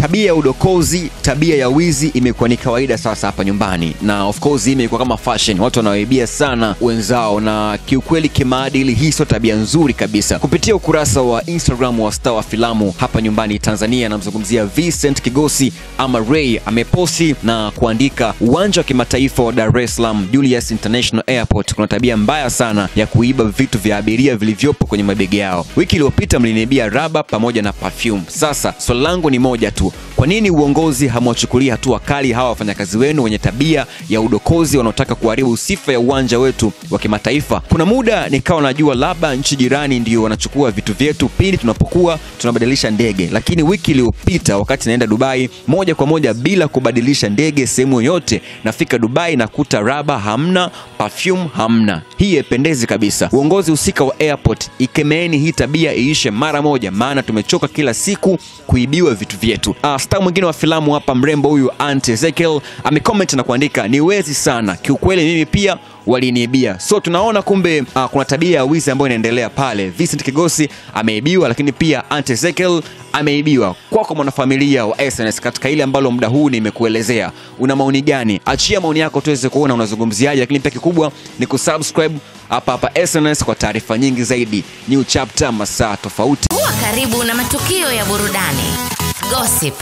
Tabia ya udokozi, tabia ya wizi imekuwa ni kawaida sasa hapa nyumbani, na of course hii imekuwa kama fashion, watu wanaoibia sana wenzao, na kiukweli kimaadili, hii sio tabia nzuri kabisa. Kupitia ukurasa wa Instagram wa star wa filamu hapa nyumbani Tanzania, anamzungumzia Vincent Kigosi ama Ray, ameposti na kuandika, uwanja wa kimataifa wa Dar es Salaam Julius International Airport kuna tabia mbaya sana ya kuiba vitu vya abiria vilivyopo kwenye mabegi yao. Wiki iliyopita mliniibia raba pamoja na perfume. Sasa swali langu ni moja tu kwa nini uongozi hamwachukulia hatua kali hawa wafanyakazi wenu wenye tabia ya udokozi wanaotaka kuharibu sifa ya uwanja wetu wa kimataifa? Kuna muda nikawa najua labda nchi jirani ndio wanachukua vitu vyetu pindi tunapokuwa tunabadilisha ndege, lakini wiki iliyopita wakati naenda Dubai moja kwa moja bila kubadilisha ndege sehemu yoyote, nafika Dubai nakuta raba hamna, perfume hamna. Hii haipendezi kabisa. Uongozi husika wa airport, ikemeeni hii tabia iishe mara moja, maana tumechoka kila siku kuibiwa vitu vyetu. Uh, star mwingine wa filamu hapa mrembo huyu Aunt Ezekiel amecomment na kuandika ni wezi sana kiukweli, mimi pia waliniibia. So tunaona kumbe uh, kuna tabia ya wizi ambayo inaendelea pale. Vincent Kigosi ameibiwa, lakini pia Aunt Ezekiel ameibiwa. Kwako mwanafamilia wa SNS, katika ile ambalo muda huu nimekuelezea, una maoni gani? Achia maoni yako tuweze kuona unazungumziaje, lakini pia kikubwa ni kusubscribe hapa hapa SNS kwa taarifa nyingi zaidi. New Chapter, masaa tofauti. Kuwa karibu na matukio ya burudani gossip,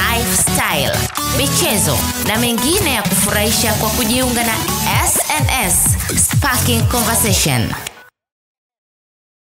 lifestyle, michezo na mengine ya kufurahisha kwa kujiunga na SNS Sparking Conversation.